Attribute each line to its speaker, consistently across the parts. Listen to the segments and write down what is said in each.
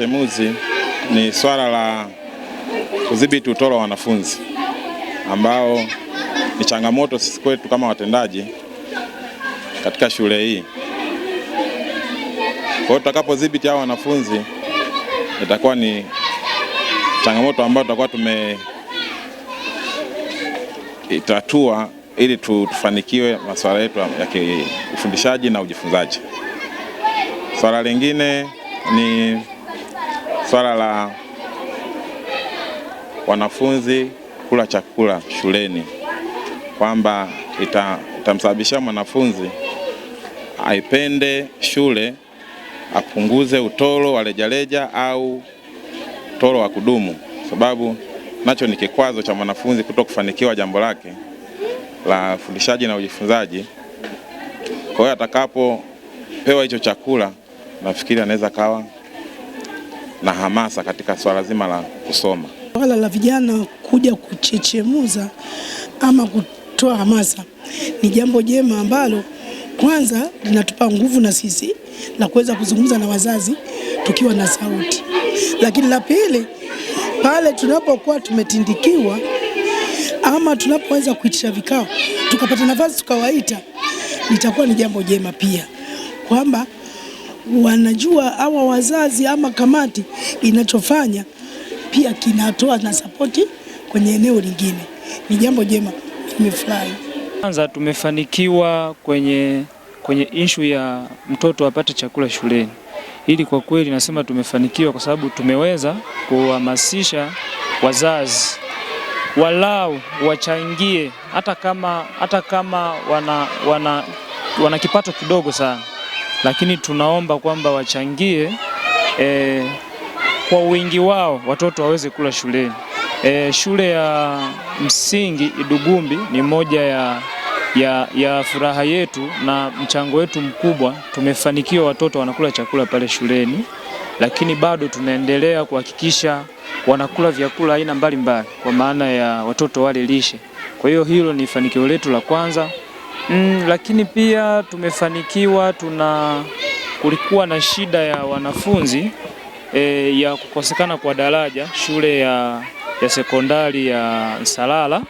Speaker 1: utemuzi ni swala la kudhibiti utoro wa wanafunzi ambao ni changamoto sisi kwetu kama watendaji katika shule hii. Kwa hiyo tutakapodhibiti hao wanafunzi itakuwa ni changamoto ambayo tutakuwa itatua ili tufanikiwe masuala yetu ya kufundishaji na ujifunzaji. Swala lingine ni Swala la wanafunzi kula chakula shuleni kwamba itamsababishia ita mwanafunzi aipende shule, apunguze utoro wa rejareja au utoro wa kudumu, sababu nacho ni kikwazo cha mwanafunzi kuto kufanikiwa jambo lake la fundishaji na ujifunzaji. Kwa hiyo atakapopewa hicho chakula, nafikiri anaweza kawa na hamasa katika swala zima la kusoma,
Speaker 2: swala la vijana kuja kuchechemuza ama kutoa hamasa ni jambo jema ambalo kwanza linatupa nguvu na sisi la kuweza kuzungumza na wazazi tukiwa na sauti, lakini la pili, pale tunapokuwa tumetindikiwa ama tunapoweza kuitisha vikao tukapata nafasi tukawaita, litakuwa ni jambo jema pia kwamba wanajua hawa wazazi ama kamati inachofanya pia kinatoa na sapoti kwenye eneo lingine, ni jambo jema, nimefurahi.
Speaker 3: Kwanza tumefanikiwa kwenye, kwenye ishu ya mtoto apate chakula shuleni. ili kwa kweli nasema tumefanikiwa kwa sababu tumeweza kuhamasisha wazazi walau wachangie hata kama, hata kama wana, wana, wana kipato kidogo sana lakini tunaomba kwamba wachangie e, kwa wingi wao watoto waweze kula shuleni. E, shule ya msingi Idugumbi ni moja ya, ya, ya furaha yetu na mchango wetu mkubwa. Tumefanikiwa watoto wanakula chakula pale shuleni, lakini bado tunaendelea kuhakikisha wanakula vyakula aina mbalimbali kwa maana ya watoto wale lishe. Kwa hiyo hilo ni fanikio letu la kwanza. Mm, lakini pia tumefanikiwa, tuna kulikuwa na shida ya wanafunzi e, ya kukosekana kwa daraja shule ya, ya sekondari ya Nsalala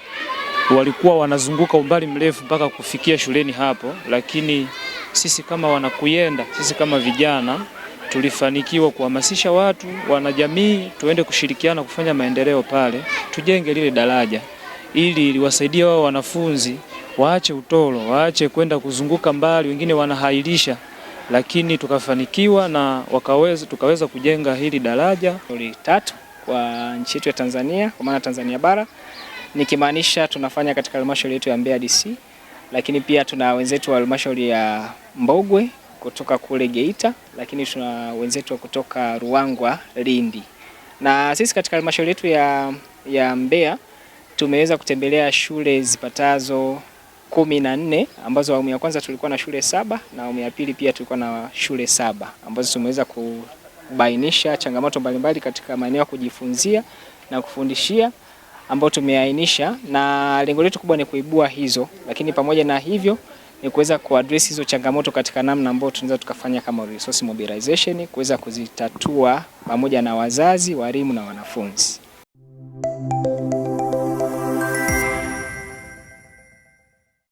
Speaker 3: walikuwa wanazunguka umbali mrefu mpaka kufikia shuleni hapo, lakini sisi kama wanakuyenda, sisi kama vijana tulifanikiwa kuhamasisha watu wanajamii, tuende kushirikiana kufanya maendeleo pale, tujenge lile daraja ili liwasaidie wao wanafunzi waache utoro, waache kwenda kuzunguka mbali, wengine wanahairisha, lakini tukafanikiwa na wakaweza, tukaweza kujenga hili daraja
Speaker 4: tatu kwa nchi yetu ya Tanzania, kwa maana Tanzania bara, nikimaanisha tunafanya katika halmashauri yetu ya Mbeya DC, lakini pia tuna wenzetu wa halmashauri ya Mbogwe kutoka kule Geita, lakini tuna wenzetu wa kutoka Ruangwa Lindi, na sisi katika halmashauri yetu ya, ya Mbeya tumeweza kutembelea shule zipatazo kumi na nne ambazo awamu ya kwanza tulikuwa na shule saba na awamu ya pili pia tulikuwa na shule saba ambazo tumeweza kubainisha changamoto mbalimbali katika maeneo ya kujifunzia na kufundishia ambayo tumeainisha, na lengo letu kubwa ni kuibua hizo, lakini pamoja na hivyo ni kuweza kuaddress hizo changamoto katika namna ambayo tunaweza tukafanya kama resource mobilization kuweza kuzitatua pamoja na wazazi, walimu na wanafunzi.